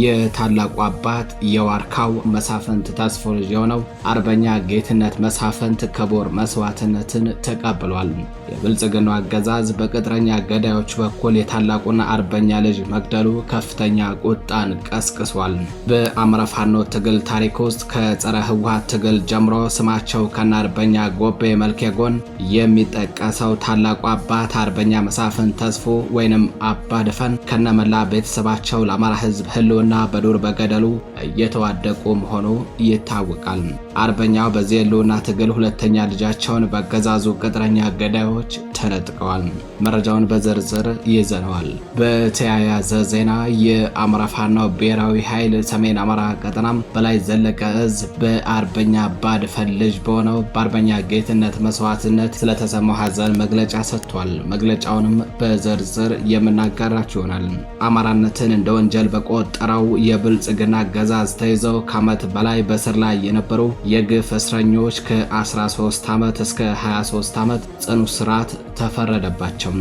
የታላቁ አባት የዋርካው መሳፍንት ተስፎ ልጅ የሆነው አርበኛ ጌትነት መሳፍንት ክቡር መስዋዕትነትን ተቀብሏል። የብልጽግናው አገዛዝ በቅጥረኛ ገዳዮች በኩል የታላቁን አርበኛ ልጅ መግደሉ ከፍተኛ ቁጣን ቀስቅሷል። በአማራ ፋኖ ትግል ታሪክ ውስጥ ከጸረ ህወሓት ትግል ጀምሮ ስማቸው ከነ አርበኛ ጎቤ መልኬ ጎን የሚጠቀሰው ታላቁ አባት አርበኛ መሳፍንት ተስፎ ወይንም አባ ድፈን ከነመላ ቤተሰባቸው ለአማራ ህዝብ ህልው በወሎና በዱር በገደሉ እየተዋደቁ መሆኑ ይታወቃል። አርበኛው በዚህ የህልውና ትግል ሁለተኛ ልጃቸውን በአገዛዙ ቅጥረኛ ገዳዮች ተነጥቀዋል። መረጃውን በዝርዝር ይዘነዋል። በተያያዘ ዜና የአማራ ፋኖ ብሔራዊ ኃይል ሰሜን አማራ ቀጠና በላይ ዘለቀ እዝ በአርበኛ ባድ ልጅ በሆነው በአርበኛ ጌትነት መስዋዕትነት ስለተሰማው ሀዘን መግለጫ ሰጥቷል። መግለጫውንም በዝርዝር የምናጋራችሁ ይሆናል። አማራነትን እንደ ወንጀል በቆጠረው የብልጽግና አገዛዝ ተይዘው ከዓመት በላይ በስር ላይ የነበሩ የግፍ እስረኞች ከ13 ዓመት እስከ 23 ዓመት ጽኑ ስርዓት ተፈረደባቸው።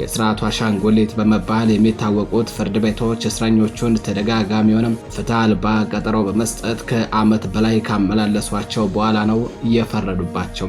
የስርዓቱ አሻንጉሊት በመባል የሚታወቁት ፍርድ ቤቶች እስረኞቹን ተደጋጋሚ ፍትህ አልባ ቀጠሮ በመስጠት ከዓመት በላይ ካመላለሷቸው በኋላ ነው የፈረዱባቸው።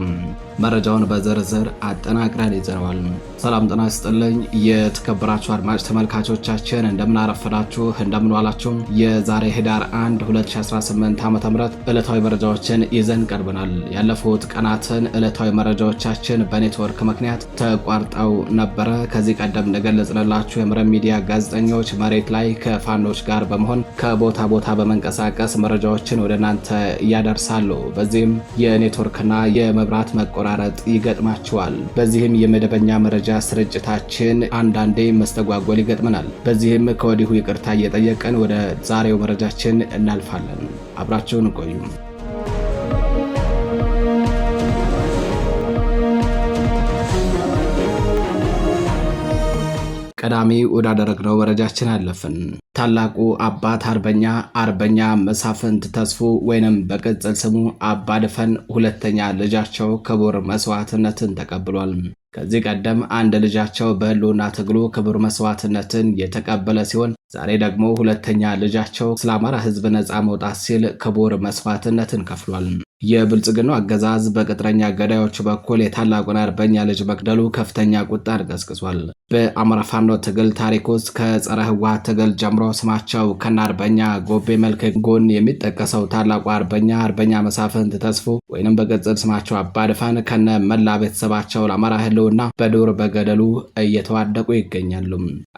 መረጃውን በዝርዝር አጠናቅረን ይዘነዋል። ሰላም ጤና ይስጥልኝ። የተከበራችሁ አድማጭ ተመልካቾቻችን እንደምናረፈዳችሁ እንደምንዋላችሁም የዛሬ ህዳር 1 2018 ዓ ም ዕለታዊ መረጃዎችን ይዘን ቀርበናል። ያለፉት ቀናትን ዕለታዊ መረጃዎቻችን በኔትወርክ ምክንያት ተቋርጠው ነበረ። ከዚህ ቀደም እንደገለጽንላችሁ የመረብ ሚዲያ ጋዜጠኞች መሬት ላይ ከፋኖች ጋር በመሆን ከቦታ ቦታ በመንቀሳቀስ መረጃዎችን ወደ እናንተ እያደርሳሉ። በዚህም የኔትወርክና የመብራት መቆ መቆራረጥ ይገጥማቸዋል። በዚህም የመደበኛ መረጃ ስርጭታችን አንዳንዴ መስተጓጎል ይገጥመናል። በዚህም ከወዲሁ ይቅርታ እየጠየቀን ወደ ዛሬው መረጃችን እናልፋለን። አብራቸውን ቆዩ። ቀዳሚ ወዳደረግነው መረጃችን አለፍን። ታላቁ አባት አርበኛ አርበኛ መሳፍንት ተስፉ ወይንም በቅጽል ስሙ አባድፈን ሁለተኛ ልጃቸው ክቡር መስዋዕትነትን ተቀብሏል። ከዚህ ቀደም አንድ ልጃቸው በሕልውና ትግሉ ክቡር መስዋዕትነትን የተቀበለ ሲሆን ዛሬ ደግሞ ሁለተኛ ልጃቸው ስለ አማራ ሕዝብ ነፃ መውጣት ሲል ክቡር መስዋዕትነትን ከፍሏል። የብልጽግናው አገዛዝ በቅጥረኛ ገዳዮች በኩል የታላቁን አርበኛ ልጅ መግደሉ ከፍተኛ ቁጣን ቀስቅሷል። በአማራ ፋኖ ትግል ታሪክ ውስጥ ከጸረ ህወሓት ትግል ጀምሮ ስማቸው ከነ አርበኛ ጎቤ መልክ ጎን የሚጠቀሰው ታላቁ አርበኛ አርበኛ መሳፍንት ተስፉ ወይንም በቅጽል ስማቸው አባድፋን ከነ መላ ቤተሰባቸው ለአማራ ህልውና በዱር በገደሉ እየተዋደቁ ይገኛሉ።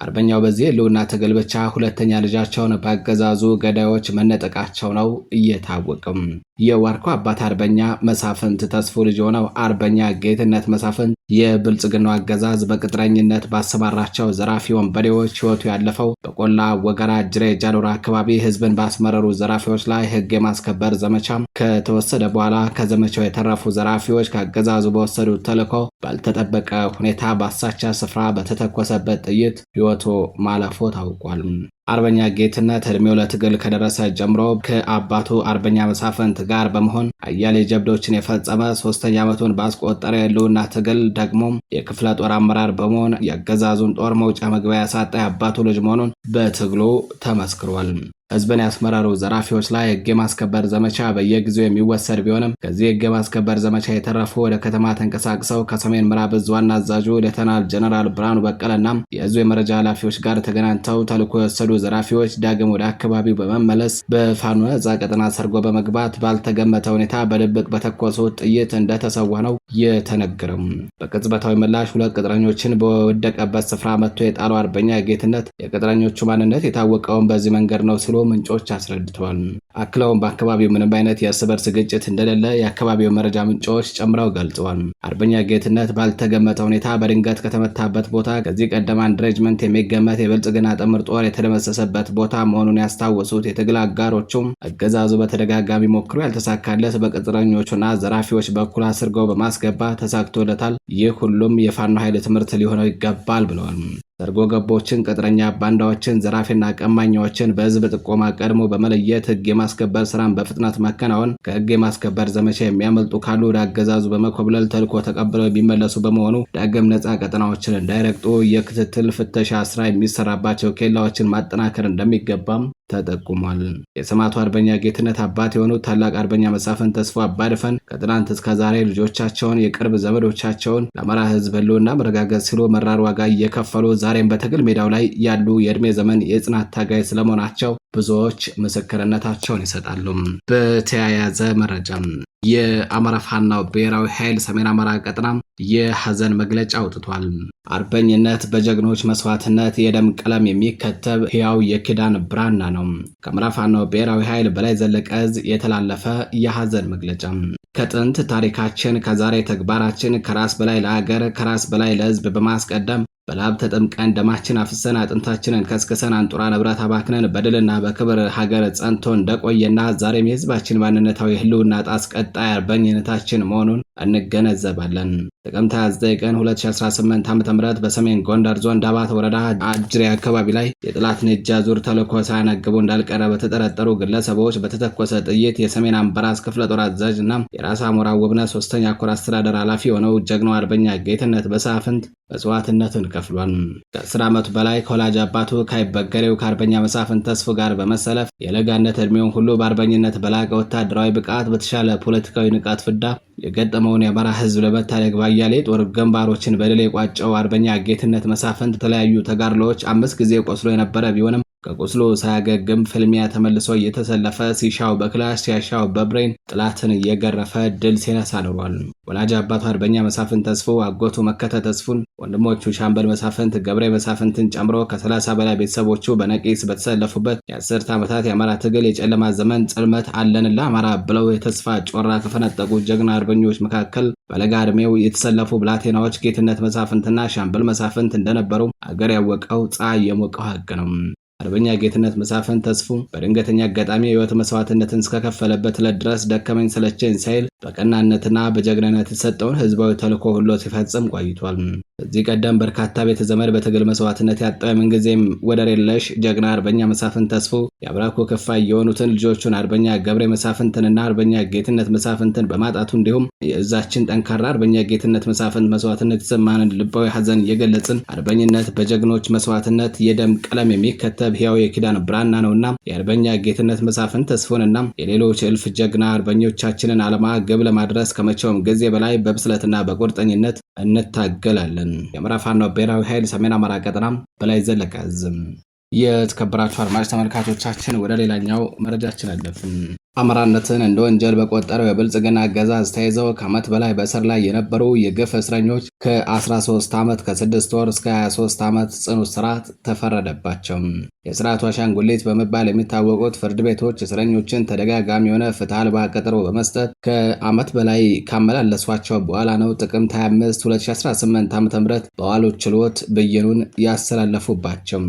አርበኛው በዚህ ህልውና ትግል ብቻ ሁለተኛ ልጃቸውን በአገዛዙ ገዳዮች መነጠቃቸው ነው እየታወቅም የዋርኮ አባት አርበኛ መሳፍንት ተስፉ ልጅ የሆነው አርበኛ ጌትነት መሳፍንት የብልጽግናው አገዛዝ በቅጥረኝነት ባሰማራቸው ዘራፊ ወንበዴዎች ህይወቱ ያለፈው በቆላ ወገራ፣ ጅሬ ጃኑር አካባቢ ህዝብን ባስመረሩ ዘራፊዎች ላይ ህግ የማስከበር ዘመቻ ከተወሰደ በኋላ ከዘመቻው የተረፉ ዘራፊዎች ከአገዛዙ በወሰዱት ተልዕኮ ባልተጠበቀ ሁኔታ በአሳቻ ስፍራ በተተኮሰበት ጥይት ህይወቱ ማለፎ ታውቋል። አርበኛ ጌትነት እድሜው ለትግል ከደረሰ ጀምሮ ከአባቱ አርበኛ መሳፍንት ጋር በመሆን አያሌ ጀብዶችን የፈጸመ ሶስተኛ ዓመቱን ባስቆጠረ የህልውና ትግል ደግሞ የክፍለ ጦር አመራር በመሆን የአገዛዙን ጦር መውጫ መግቢያ ያሳጣ የአባቱ ልጅ መሆኑን በትግሉ ተመስክሯል። ህዝብን ያስመረሩ ዘራፊዎች ላይ ህግ የማስከበር ዘመቻ በየጊዜው የሚወሰድ ቢሆንም ከዚህ ህግ የማስከበር ዘመቻ የተረፉ ወደ ከተማ ተንቀሳቅሰው ከሰሜን ምዕራብ እዝ ዋና አዛዡ ሌተናል ጀነራል ብርሃኑ በቀለና የእዙ የመረጃ ኃላፊዎች ጋር ተገናኝተው ተልኮ የወሰዱ ዘራፊዎች ዳግም ወደ አካባቢው በመመለስ በፋኖ ነጻ ቀጠና ሰርጎ በመግባት ባልተገመተ ሁኔታ በድብቅ በተኮሱ ጥይት እንደተሰዋ ነው የተነገረም። በቅጽበታዊ ምላሽ ሁለት ቅጥረኞችን በወደቀበት ስፍራ መጥቶ የጣለው አርበኛ ጌትነት የቅጥረኞቹ ማንነት የታወቀውን በዚህ መንገድ ነው ሲሉ እንደሚመስሉ ምንጮች አስረድተዋል። አክለውም በአካባቢው ምንም አይነት የእርስ በርስ ግጭት እንደሌለ የአካባቢው መረጃ ምንጮች ጨምረው ገልጸዋል። አርበኛ ጌትነት ባልተገመተ ሁኔታ በድንገት ከተመታበት ቦታ ከዚህ ቀደም አንድ ሬጅመንት የሚገመት የብልጽግና ጥምር ጦር የተደመሰሰበት ቦታ መሆኑን ያስታወሱት የትግል አጋሮቹም አገዛዙ በተደጋጋሚ ሞክሮ ያልተሳካለት በቅጥረኞቹና ዘራፊዎች በኩል አስርገው በማስገባት ተሳክቶለታል። ይህ ሁሉም የፋኖ ኃይል ትምህርት ሊሆነው ይገባል ብለዋል። ሰርጎ ገቦችን፣ ቅጥረኛ ባንዳዎችን፣ ዘራፊና ቀማኛዎችን በህዝብ ጥቆማ ቀድሞ በመለየት ህግ የማስከበር ስራን በፍጥነት ማከናወን፣ ከህግ የማስከበር ዘመቻ የሚያመልጡ ካሉ ወደ አገዛዙ በመኮብለል ተልኮ ተቀብለው የሚመለሱ በመሆኑ ዳግም ነፃ ቀጠናዎችን እንዳይረግጡ የክትትል ፍተሻ ስራ የሚሰራባቸው ኬላዎችን ማጠናከር እንደሚገባም ተጠቁሟል። የሰማዕቱ አርበኛ ጌትነት አባት የሆኑት ታላቅ አርበኛ መሳፍን ተስፎ አባድፈን ከትናንት እስከ ዛሬ ልጆቻቸውን፣ የቅርብ ዘመዶቻቸውን ለአማራ ሕዝብ ህልውና መረጋገጥ ሲሉ መራር ዋጋ እየከፈሉ ዛሬም በትግል ሜዳው ላይ ያሉ የእድሜ ዘመን የጽናት ታጋይ ስለመሆናቸው ብዙዎች ምስክርነታቸውን ይሰጣሉ። በተያያዘ መረጃም የአማራ ፋኖ ብሔራዊ ኃይል ሰሜን አማራ ቀጠና የሐዘን መግለጫ አውጥቷል። አርበኝነት በጀግኖች መስዋዕትነት የደም ቀለም የሚከተብ ሕያው የኪዳን ብራና ነው። ከአማራ ፋኖ ብሔራዊ ኃይል በላይ ዘለቀ የተላለፈ የሐዘን መግለጫ ከጥንት ታሪካችን ከዛሬ ተግባራችን ከራስ በላይ ለሀገር ከራስ በላይ ለሕዝብ በማስቀደም በላብ ተጠምቀን ደማችን አፍሰን አጥንታችንን ከስክሰን አንጡራ ንብረት አባክነን በድልና በክብር ሀገር ጸንቶ እንደቆየና ዛሬም የህዝባችን ማንነታዊ ህልውና ጣስ ቀጣይ አርበኝነታችን መሆኑን እንገነዘባለን። ጥቅምት 29 ቀን 2018 ዓ ም በሰሜን ጎንደር ዞን ዳባት ወረዳ አጅሬ አካባቢ ላይ የጥላት እጅ ዙር ተልዕኮ ሳያነግቡ እንዳልቀረ በተጠረጠሩ ግለሰቦች በተተኮሰ ጥይት የሰሜን አምባራስ ክፍለ ጦር አዛዥ እና የራስ አሞራ ውብነ ሶስተኛ ኮር አስተዳደር ኃላፊ የሆነው ጀግናው አርበኛ ጌትነት በሳፍንት መስዋዕትነትን ከፍሏል። ከአስር ዓመቱ በላይ ከወላጅ አባቱ ካይበገሬው ከአርበኛ መሳፍን ተስፉ ጋር በመሰለፍ የለጋነት ዕድሜውን ሁሉ በአርበኝነት በላቀ ወታደራዊ ብቃት በተሻለ ፖለቲካዊ ንቃት ፍዳ የገጠመውን የአማራ ሕዝብ ለመታደግ ባያሌ ጦር ግንባሮችን በድል የቋጨው አርበኛ ጌትነት መሳፍንት የተለያዩ ተጋድሎዎች አምስት ጊዜ ቆስሎ የነበረ ቢሆንም ከቁስሉ ሳያገግም ፍልሚያ ተመልሶ እየተሰለፈ ሲሻው በክላሽ ሲያሻው በብሬን ጥላትን እየገረፈ ድል ሲነሳ ኑሯል። ወላጅ አባቱ አርበኛ መሳፍንት ተስፎ አጎቱ መከተ ተስፉን፣ ወንድሞቹ ሻምበል መሳፍንት፣ ገብሬ መሳፍንትን ጨምሮ ከ30 በላይ ቤተሰቦቹ በነቂስ በተሰለፉበት የአስርት ዓመታት የአማራ ትግል የጨለማ ዘመን ጽልመት አለን ለአማራ ብለው የተስፋ ጮራ ከፈነጠቁ ጀግና አርበኞች መካከል በለጋ እድሜው የተሰለፉ ብላቴናዎች ጌትነት መሳፍንትና ሻምበል መሳፍንት እንደነበሩ አገር ያወቀው ፀሐይ የሞቀው ሀቅ ነው። አርበኛ ጌትነት መሳፈን ተስፉ በድንገተኛ አጋጣሚ የህይወት መስዋዕትነትን እስከከፈለበት ዕለት ድረስ ደከመኝ ሰለቸኝ ሳይል በቀናነትና በጀግንነት የተሰጠውን ህዝባዊ ተልኮ ሁሉ ሲፈጽም ቆይቷል። ከዚህ ቀደም በርካታ ቤተዘመድ በትግል መስዋዕትነት ያጣ ምንጊዜም ወደር የለሽ ጀግና አርበኛ መሳፍንት ተስፉ የአብራኩ ክፋይ የሆኑትን ልጆቹን አርበኛ ገብሬ መሳፍንትንና አርበኛ ጌትነት መሳፍንትን በማጣቱ እንዲሁም የእዛችን ጠንካራ አርበኛ ጌትነት መሳፍንት መስዋዕትነት የተሰማንን ልባዊ ሐዘን የገለጽን አርበኝነት በጀግኖች መስዋዕትነት የደም ቀለም የሚከተብ ህያው የኪዳን ብራና ነውና የአርበኛ ጌትነት መሳፍንት ተስፉንና የሌሎች እልፍ ጀግና አርበኞቻችንን አለማ ግብ ለማድረስ ከመቼውም ጊዜ በላይ በብስለትና በቁርጠኝነት እንታገላለን። የምዕራብ ፋኖ ብሔራዊ ኃይል ሰሜን አማራ ቀጠና በላይ ዘለቀ ዝም የተከበራችሁ አድማጭ ተመልካቾቻችን ወደ ሌላኛው መረጃችን አለፍን። አማራነትን እንደ ወንጀል በቆጠረው የብልጽግና አገዛዝ ተይዘው ከዓመት በላይ በእስር ላይ የነበሩ የግፍ እስረኞች ከ13 ዓመት ከ6 ወር እስከ 23 ዓመት ጽኑ እስራት ተፈረደባቸው። የስርዓቱ አሻንጉሊት በመባል የሚታወቁት ፍርድ ቤቶች እስረኞችን ተደጋጋሚ የሆነ ፍትህ አልባ ቀጠሮ በመስጠት ከዓመት በላይ ካመላለሷቸው በኋላ ነው ጥቅምት 25 2018 ዓ ም በዋሉ ችሎት ብይኑን ያስተላለፉባቸው።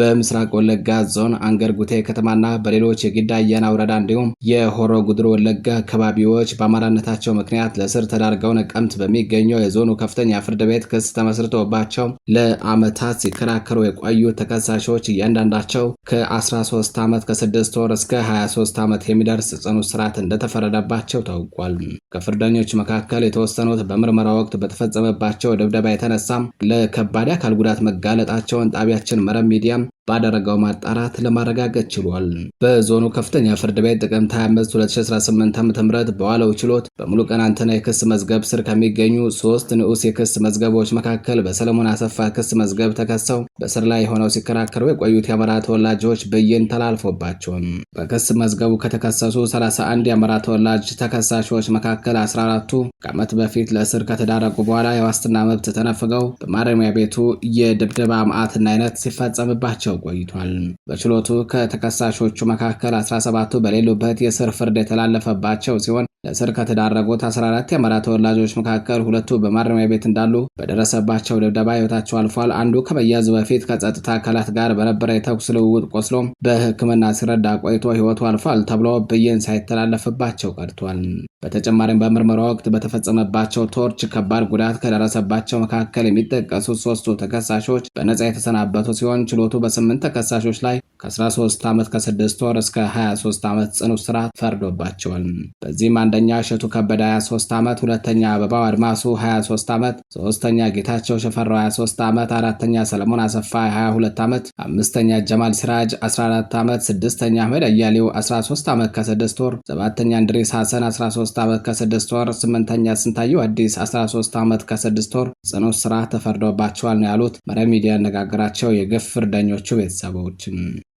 በምስራቅ ወለጋ ዞን አንገርጉቴ ከተማና በሌሎች የጊዳ አያና ወረዳ እንዲሁም የሆሮ ጉድሮ ወለጋ አካባቢዎች በአማራነታቸው ምክንያት ለእስር ተዳርገው ነቀምት በሚገኘው የዞኑ ከፍተኛ ፍርድ ቤት ክስ ተመስርቶባቸው ለአመታት ሲከራከሩ የቆዩ ተከሳሾች እያንዳንዳቸው ከ13 ዓመት ከ6 ወር እስከ 23 ዓመት የሚደርስ ጽኑ እስራት እንደተፈረደባቸው ታውቋል። ከፍርደኞች መካከል የተወሰኑት በምርመራ ወቅት በተፈጸመባቸው ድብደባ የተነሳም ለከባድ አካል ጉዳት መጋለጣቸውን ጣቢያችን መረብ ሚዲያም ባደረገው ማጣራት ለማረጋገጥ ችሏል። በዞኑ ከፍተኛ ፍርድ ቤት ጥቅምት 25 2018 ዓ ም በዋለው ችሎት በሙሉ ቀን አንተና የክስ መዝገብ ስር ከሚገኙ ሶስት ንዑስ የክስ መዝገቦች መካከል በሰለሞን አሰፋ ክስ መዝገብ ተከሰው በስር ላይ ሆነው ሲከራከሩ የቆዩት የአማራ ተወላጆች ብይን ተላልፎባቸውም በክስ መዝገቡ ከተከሰሱ 31 የአማራ ተወላጅ ተከሳሾች መካከል 14ቱ ከዓመት በፊት ለእስር ከተዳረጉ በኋላ የዋስትና መብት ተነፍገው በማረሚያ ቤቱ የድብደባ ማዕትና አይነት ሲፈጸምባቸው ተለይተው ቆይቷል። በችሎቱ ከተከሳሾቹ መካከል 17ቱ በሌሉበት የስር ፍርድ የተላለፈባቸው ሲሆን ለእስር ከተዳረጉት 14 የአማራ ተወላጆች መካከል ሁለቱ በማረሚያ ቤት እንዳሉ በደረሰባቸው ድብደባ ህይወታቸው አልፏል። አንዱ ከመያዙ በፊት ከጸጥታ አካላት ጋር በነበረ የተኩስ ልውውጥ ቆስሎ በሕክምና ሲረዳ ቆይቶ ህይወቱ አልፏል ተብሎ ብይን ሳይተላለፍባቸው ቀርቷል። በተጨማሪም በምርመራ ወቅት በተፈጸመባቸው ቶርች ከባድ ጉዳት ከደረሰባቸው መካከል የሚጠቀሱት ሶስቱ ተከሳሾች በነጻ የተሰናበቱ ሲሆን ችሎቱ በስምንት ተከሳሾች ላይ ከ13 ዓመት ከ6 ወር እስከ 23 ዓመት ጽኑ እስራት ፈርዶባቸዋል። በዚህም አንደኛ እሸቱ ከበደ 23 ዓመት፣ ሁለተኛ አበባው አድማሱ 23 ዓመት፣ ሶስተኛ ጌታቸው ሸፈራው 23 ዓመት፣ አራተኛ ሰለሞን አሰፋ 22 ዓመት፣ አምስተኛ ጀማል ሲራጅ 14 ዓመት፣ ስድስተኛ አህመድ አያሌው 13 ዓመት ከ6 ወር፣ ሰባተኛ እንድሪስ ሐሰን 13 ዓመት ከ6 ወር፣ ስምንተኛ ስንታየው አዲስ 13 ዓመት ከ6 ወር ጽኑ እስራት ተፈርዶባቸዋል ነው ያሉት መረብ ሚዲያ ያነጋገራቸው የግፍ ፍርደኞቹ ቤተሰቦች።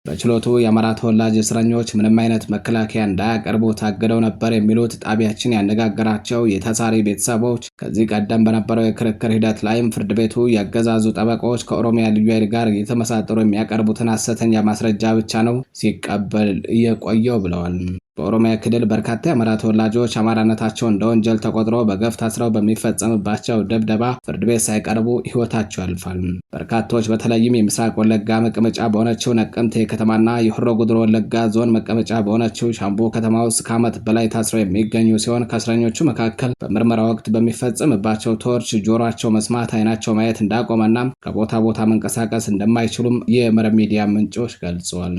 በችሎቱ የአማራ ተወላጅ እስረኞች ምንም አይነት መከላከያ እንዳያቀርቡ ታግደው ነበር የሚሉት ጣቢያችን ያነጋገራቸው የተሳሪ ቤተሰቦች ከዚህ ቀደም በነበረው የክርክር ሂደት ላይም ፍርድ ቤቱ ያገዛዙ ጠበቆች ከኦሮሚያ ልዩ ኃይል ጋር እየተመሳጠሩ የሚያቀርቡትን ሐሰተኛ ማስረጃ ብቻ ነው ሲቀበል እየቆየው ብለዋል። በኦሮሚያ ክልል በርካታ የአማራ ተወላጆች አማራነታቸው እንደ ወንጀል ተቆጥሮ በገፍ ታስረው በሚፈጸምባቸው ደብደባ ፍርድ ቤት ሳይቀርቡ ሕይወታቸው ያልፋል። በርካቶች በተለይም የምስራቅ ወለጋ መቀመጫ በሆነችው ነቀምቴ ከተማና የሆሮ ጉድሮ ወለጋ ዞን መቀመጫ በሆነችው ሻምቦ ከተማ ውስጥ ከዓመት በላይ ታስረው የሚገኙ ሲሆን ከእስረኞቹ መካከል በምርመራ ወቅት በሚፈጸምባቸው ቶርች ጆሯቸው መስማት፣ አይናቸው ማየት እንዳቆመና ከቦታ ቦታ መንቀሳቀስ እንደማይችሉም የመረብ ሚዲያ ምንጮች ገልጸዋል።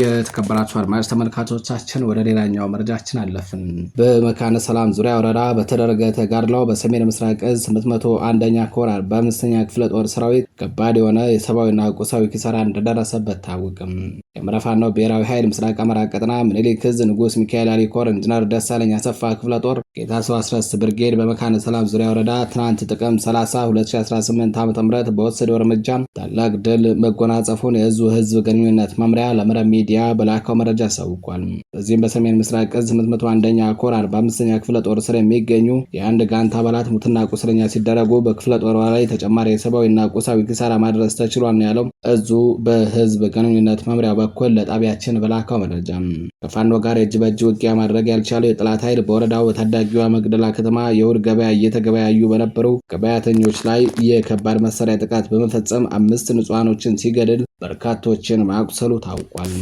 የተከበራችሁ አድማጭ ተመልካቾቻችን ወደ ሌላኛው መረጃችን አለፍን። በመካነ ሰላም ዙሪያ ወረዳ በተደረገ ተጋድለው በሰሜን ምስራቅ ዕዝ 801ኛ ኮር 45 ክፍለ ጦር ሰራዊት ከባድ የሆነ የሰብአዊና ቁሳዊ ኪሳራ እንደደረሰበት ታወቅም። የምረፋናው ብሔራዊ ኃይል ምስራቅ አማራ ቀጠና ምኒልክ ሚካኤል አሊ ኮር ኢንጂነር ደሳለኝ አሰፋ ክፍለ ጦር ጌታ ሰው ብርጌድ በመካነ ሰላም ዙሪያ ወረዳ ትናንት ጥቅም 30 2018 ዓ ም በወሰደው እርምጃ ታላቅ ድል መጎናጸፉን የእዙ ህዝብ ግንኙነት መምሪያ ለመረብ ሚዲያ በላካው መረጃ አሳውቋል። በዚህም በሰሜን ምስራቅ እዝ 81ኛ ኮር 45ኛ ክፍለ ጦር ስር የሚገኙ የአንድ ጋንት አባላት ሙትና ቁስለኛ ሲደረጉ በክፍለ ጦሯ ላይ ተጨማሪ የሰብአዊና ቁሳዊ ኪሳራ ማድረስ ተችሏል ነው ያለው እዙ በህዝብ ግንኙነት መምሪያ በኩል ለጣቢያችን በላካው መረጃ። ከፋኖ ጋር የእጅ በእጅ ውጊያ ማድረግ ያልቻለው የጠላት ኃይል በወረዳው ታዳጊ ታዋቂዋ መቅደላ ከተማ የውድ ገበያ እየተገበያዩ በነበሩ ገበያተኞች ላይ የከባድ መሳሪያ ጥቃት በመፈጸም አምስት ንጹሐኖችን ሲገድል በርካቶችን ማቁሰሉ ታውቋል።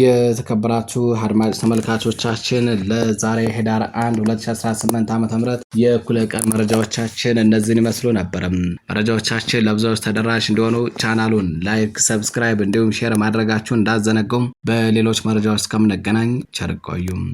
የተከበራችሁ አድማጭ ተመልካቾቻችን ለዛሬ ህዳር 1 2018 ዓ ም የእኩለ ቀን መረጃዎቻችን እነዚህን ይመስሉ ነበር። መረጃዎቻችን ለብዙዎች ተደራሽ እንዲሆኑ ቻናሉን ላይክ፣ ሰብስክራይብ እንዲሁም ሼር ማድረጋችሁን እንዳዘነገውም። በሌሎች መረጃዎች እስከምንገናኝ ቸር ቆዩም።